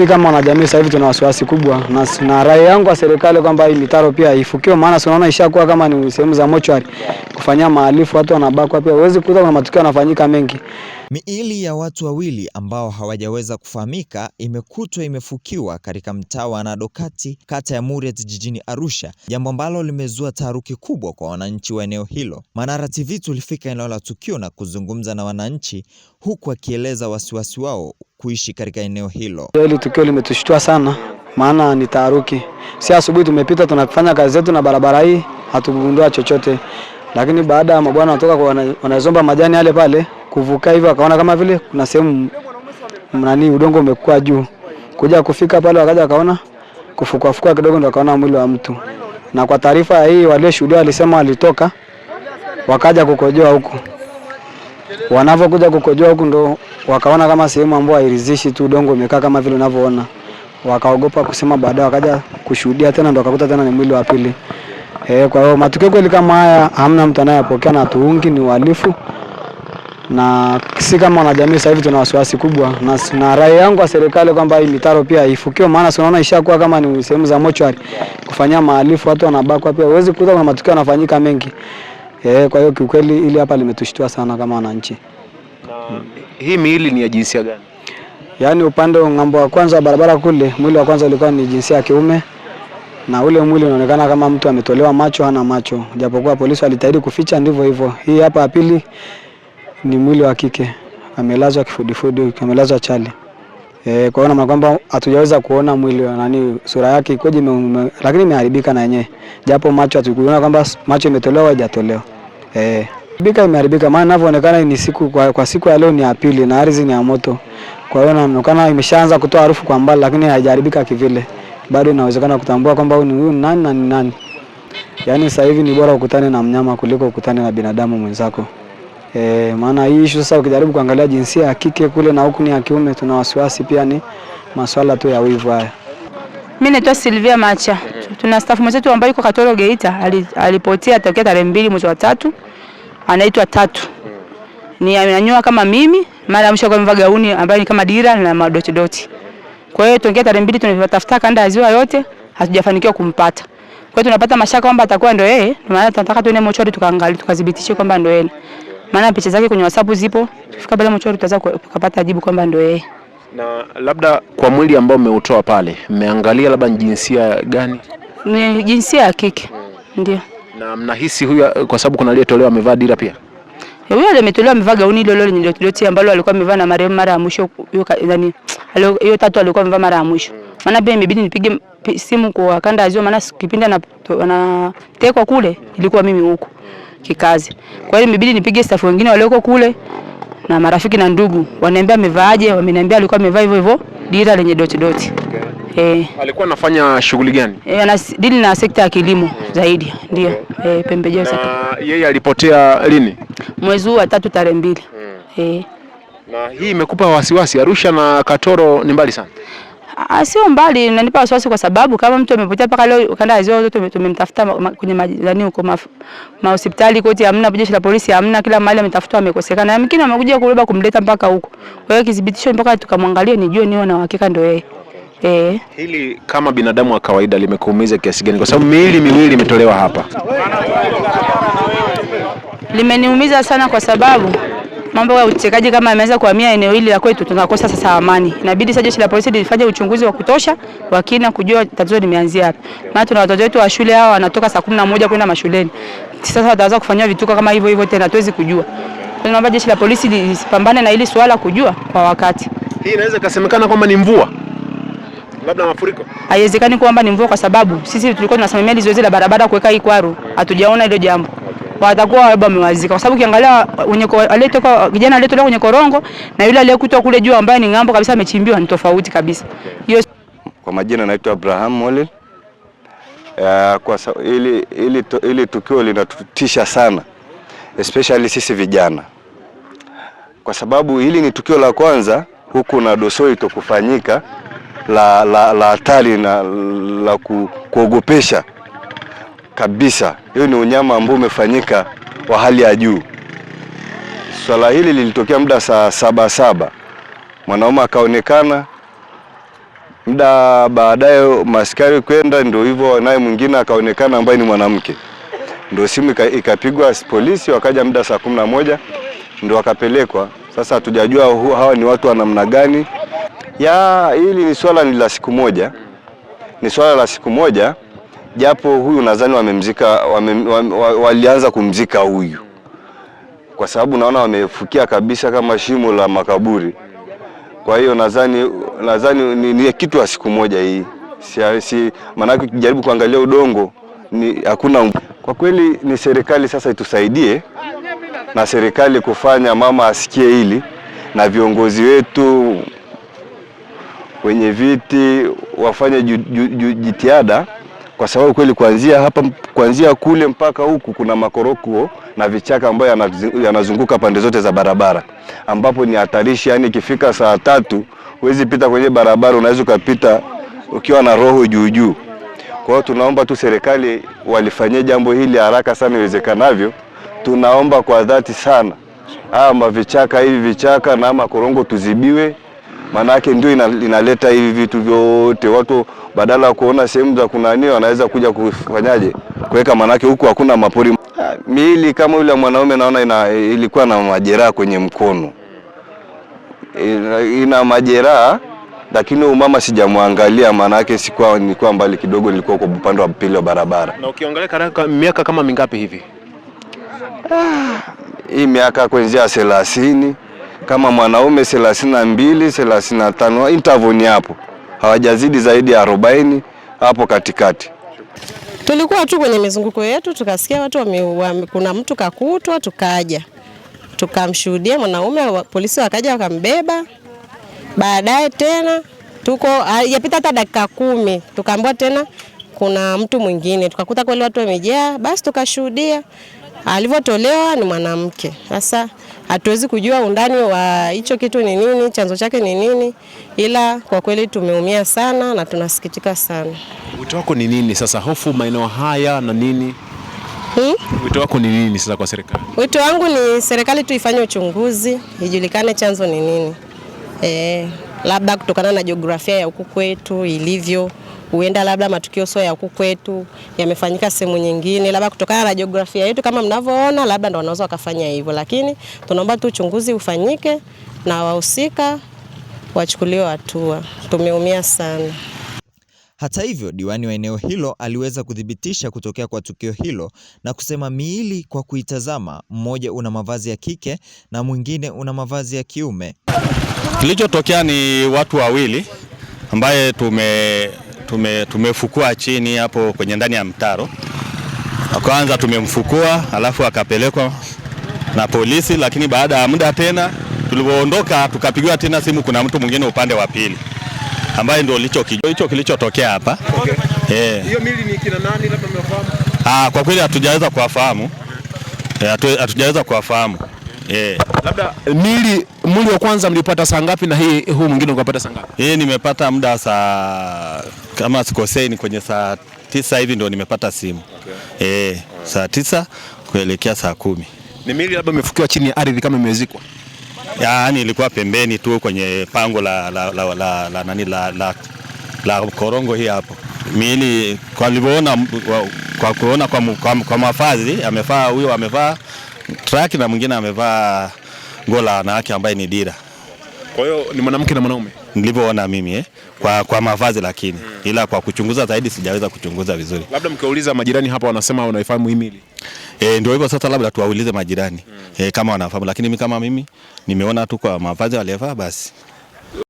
Sisi kama wanajamii sasa hivi tuna wasiwasi kubwa na, na rai yangu kwa serikali kwamba hii mitaro pia ifukiwe, maana unaona ishakuwa kama ni sehemu za mochwari kufanyia maalifu, watu wanabakwa pia. Huwezi kuta kuna matukio yanafanyika mengi. Miili ya watu wawili ambao hawajaweza kufahamika imekutwa imefukiwa katika mtaa wa Nadokati kata ya Muriet jijini Arusha, jambo ambalo limezua taharuki kubwa kwa wananchi wa eneo hilo. Manara TV tulifika eneo la tukio na kuzungumza na wananchi, huku akieleza wasiwasi wao kuishi katika eneo hilo. Hili tukio limetushtua sana, maana ni taharuki. Si asubuhi tumepita tunafanya kazi zetu na barabara hii, hatugundua chochote, lakini baada ya mabwana kwa wanazomba majani yale pale kuvuka hivyo, akaona kama vile kuna sehemu nani udongo umekuwa juu, kuja kufika pale wakaja wakaona kufukua fukua kidogo, ndo wakaona mwili wa mtu. Na kwa taarifa hii walioshuhudia walisema walitoka wakaja kukojoa huku, wanavyokuja kukojoa huku ndo wakaona kama sehemu ambayo hairidhishi tu, udongo umekaa kama vile unavyoona, wakaogopa kusema. Baadaye wakaja kushuhudia tena, ndo wakakuta tena ni mwili wa pili. E, kwa hiyo matukio kweli kama haya hamna mtu anayepokea na tuungi ni uhalifu na si kama wanajamii sasa hivi tuna wasiwasi kubwa na, na rai yangu kwa serikali kwamba hii mitaro pia ifukiwe, maana unaona ishakuwa kama ni sehemu za mochwari kufanyia maalifu, watu wanabakwa pia, huwezi kuta kuna matukio yanafanyika mengi e. Kwa hiyo kiukweli ili hapa limetushtua sana kama wananchi. Na hii miili ni ya jinsia gani? Yaani upande ng'ambo wa kwanza wa barabara kule, mwili wa kwanza ulikuwa ni jinsia ya kiume na ule mwili unaonekana kama mtu ametolewa macho, hana macho, japokuwa polisi walitahidi kuficha, ndivyo hivyo. Hii hapa ya pili ni mwili wa kike, amelazwa kifudifudi, amelazwa chali. E, kwa hiyo na kwamba hatujaweza kuona mwili wa nani sura yake ikoje, lakini imeharibika na yenyewe, japo macho hatukuona kwamba macho imetolewa haijatolewa. E, eh, bika imeharibika, maana inavyoonekana ni siku kwa, kwa siku ya leo ni ya pili na ardhi ni ya moto. Kwa hiyo inaonekana imeshaanza kutoa harufu kwa mbali, lakini haijaharibika kivile, bado inawezekana kutambua kwamba huyu ni huyu nani na ni nani. Yaani sasa hivi ni bora ukutane na mnyama kuliko ukutane na binadamu mwenzako. E, maana hii issue sasa ukijaribu kuangalia jinsia ya kike kule na huku ni ya kiume, tuna wasiwasi pia, ni masuala tu ya wivu haya. Mimi naitwa Silvia Macha. Tuna staff mwenzetu ambaye yuko Katoro Geita, alipotea tokea tarehe mbili mwezi wa tatu, anaitwa Tatu. Ni amenyoa kama mimi, mara mshaka amevaa gauni ambayo ni kama dira na madoti doti. Kwa hiyo tokea tarehe mbili tunatafuta kanda ya ziwa yote, hatujafanikiwa kumpata. Kwa hiyo tunapata mashaka kwamba atakuwa ndio yeye, maana tunataka tuende mochori tukaangalie, tukadhibitishe kwamba ndio yeye maana picha zake kwenye WhatsApp zipo. Tufika bila mchoro, tutaweza kupata jibu kwamba ndio yeye. Na labda kwa mwili ambao umeutoa pale, mmeangalia labda ni jinsia gani? Ni jinsia ya kike ndio. Na mnahisi huyu, kwa sababu kuna aliyetolewa amevaa dira pia eh, huyo ametolewa amevaa gauni hilo lile loti ambalo alikuwa amevaa na marehemu mara ya mwisho, hiyo hiyo tatu alikuwa amevaa mara ya mwisho. Maana pia imebidi nipige simu kwa kanda azio, maana kipindi anatekwa kule ilikuwa mimi huko kikazi. Kwa hiyo imebidi nipige staff wengine walioko kule na marafiki na ndugu, waniambia amevaaje, wameniambia alikuwa amevaa hivyo hivyo dira lenye doti doti. Okay. Eh. Alikuwa anafanya shughuli gani? Eh, ana dili na sekta ya kilimo zaidi ndio. Okay. Eh, pembejeo za Na Yeye alipotea lini? Mwezi huu wa tatu tarehe mbili. Hmm. Eh. Na hii imekupa wasiwasi? Arusha na Katoro ni mbali sana. Ah, ah, sio mbali, nanipa wasiwasi kwa sababu kama mtu amepotea mpaka leo kanda hizo zote tumemtafuta kwenye majirani huko ma hospitali kote hamna, jeshi la polisi hamna, kila mahali ametafutwa amekosekana, na mwingine amekuja kubeba kumleta mpaka huko. Kwa hiyo kidhibitisho mpaka tukamwangalia nijue niwe na uhakika ndio yeye. Eh, hili kama binadamu wa kawaida limekuumiza kiasi gani? Kwa sababu miili miwili imetolewa hapa. Limeniumiza sana kwa sababu mambo ya utekaji kama yameanza kuhamia eneo hili la kwetu, tunakosa sasa amani. Inabidi sasa jeshi la polisi lifanye uchunguzi wa kutosha wa kina kujua tatizo limeanzia wapi, maana tuna watoto wetu wa shule hao wanatoka saa kumi moja kwenda mashuleni, sasa wataweza kufanywa vituko kama hivyo hivyo tena, tuwezi kujua. Tunaomba jeshi la polisi lisipambane na hili swala kujua kwa wakati. Hii inaweza ikasemekana kwamba ni mvua labda mafuriko. Haiwezekani kwamba ni mvua, kwa sababu sisi tulikuwa tunasimamia zoezi la barabara kuweka hii kwaro, hatujaona hilo jambo watakuwa labda wamewazika, kwa sababu ukiangalia wenye aliyetoka kijana aliyetoka kwenye korongo na yule aliyekutwa kule juu ambaye ni ng'ambo kabisa amechimbiwa ni tofauti kabisa. Hiyo kwa majina naitwa Abraham Molel. Uh, kwa ili, ili, ili tukio linatutisha sana especially sisi vijana, kwa sababu hili ni tukio la kwanza huku na Dosoito kufanyika la hatari la, la, la na la ku, kuogopesha kabisa. Hiyo ni unyama ambao umefanyika wa hali ya juu. Swala hili lilitokea muda saa saba saba, mwanaume akaonekana muda baadaye, maskari kwenda, ndio hivyo, naye mwingine akaonekana ambaye ni mwanamke, ndio simu ikapigwa polisi, wakaja muda saa kumi na moja ndio wakapelekwa. Sasa hatujajua hawa ni watu wa namna gani. Ya hili ni swala ni la siku moja, ni swala la siku moja japo huyu nadhani wamemzika, wame, wame, walianza kumzika huyu kwa sababu naona wamefukia kabisa kama shimo la makaburi. Kwa hiyo nadhani nadhani ni, ni kitu ya siku moja hii si, si, maanake ukijaribu kuangalia udongo ni hakuna. Kwa kweli ni serikali sasa itusaidie na serikali kufanya mama asikie hili na viongozi wetu wenye viti wafanye jitihada kwa sababu kweli kuanzia hapa kuanzia kule mpaka huku kuna makoroko na vichaka ambayo yanazunguka pande zote za barabara, ambapo ni hatarishi. Yani ikifika saa tatu huwezi pita kwenye barabara, unaweza ukapita ukiwa na roho juu juu. Kwa hiyo tunaomba tu serikali walifanyie jambo hili haraka sana iwezekanavyo. Tunaomba kwa dhati sana, ama vichaka hivi vichaka na makorongo tuzibiwe maana yake ndio inaleta hivi vitu vyote. Watu badala ya kuona sehemu za kunania wanaweza kuja kufanyaje kuweka, maana yake huku hakuna mapori. Miili kama yule mwanaume naona ina, ilikuwa na majeraha kwenye mkono ina, e, ina majeraha lakini huyu mama sijamwangalia, maana yake sikuwa, nilikuwa mbali kidogo, nilikuwa kwa upande wa pili wa barabara. Na ukiangalia karaka miaka kama mingapi hivi? Ah, hii miaka kuanzia thelathini kama mwanaume 32 na mbili ni na tano hapo, hawajazidi zaidi ya arobaini hapo katikati. Tulikuwa tu kwenye mizunguko yetu tukasikia watu wame, wame, kuna mtu kakutwa, tukaja tukamshuhudia mwanaume, polisi wakaja wakambeba. Baadaye tena tuko yapita hata dakika kumi tukaambiwa tena kuna mtu mwingine, tukakuta kweli watu wamejaa. Basi tukashuhudia alivyotolewa ni mwanamke sasa hatuwezi kujua undani wa hicho kitu ni nini, chanzo chake ni nini, ila kwa kweli tumeumia sana na tunasikitika sana. Wito wako ni nini sasa, hofu maeneo haya na nini? Hmm? Wito wako ni nini sasa kwa serikali? Wito wangu ni serikali tu ifanye uchunguzi, ijulikane chanzo ni nini. Eh, labda kutokana na jiografia ya huku kwetu ilivyo huenda labda matukio sio ya huku kwetu, yamefanyika sehemu nyingine, labda kutokana na jiografia yetu kama mnavyoona, labda ndo wanaweza wakafanya hivyo, lakini tunaomba tu uchunguzi ufanyike na wahusika wachukuliwe hatua. Tumeumia sana. Hata hivyo, diwani wa eneo hilo aliweza kuthibitisha kutokea kwa tukio hilo na kusema miili kwa kuitazama, mmoja una mavazi ya kike na mwingine una mavazi ya kiume. Kilichotokea ni watu wawili ambaye tume tume, tumefukua chini hapo kwenye ndani ya mtaro. Kwanza tumemfukua alafu akapelekwa na polisi, lakini baada ya muda tena tulipoondoka tukapigiwa tena simu, kuna mtu mwingine upande wa pili ambaye ndio hicho kilichotokea hapa. Okay. Yeah. Hiyo mili ni kina nani labda mnafahamu? Ah, kwa kweli hatujaweza kuwafahamu. Eh, hatujaweza yeah, kuwafahamu. Yeah. Labda eh, mili mli wa kwanza mlipata saa ngapi na hii huu mwingine ukapata saa ngapi? Hii nimepata muda saa kama sikosei ni kwenye saa tisa hivi ndio nimepata simu okay. E, saa tisa kuelekea saa kumi. Ni mili labda imefukiwa chini ya ardhi kama imezikwa? Yaani ilikuwa pembeni tu kwenye pango la, la, la, la, la, nani, la, la, la korongo hii hapo mili kwa kuona kwa, kwa, kwa, kwa mafazi amevaa huyo amevaa track na mwingine amevaa nguo la wanawake ambaye ni dira kwa hiyo ni mwanamke na mwanaume nilivyoona mimi eh? Kwa, kwa mavazi lakini hmm. Ila kwa kuchunguza zaidi sijaweza kuchunguza vizuri, labda mkiuliza majirani hapa wanasema wanaifahamu mili e, ndio hivyo sasa, labda tuwaulize majirani hmm. E, kama wanafahamu, lakini mimi kama mimi nimeona tu kwa mavazi waliyevaa basi.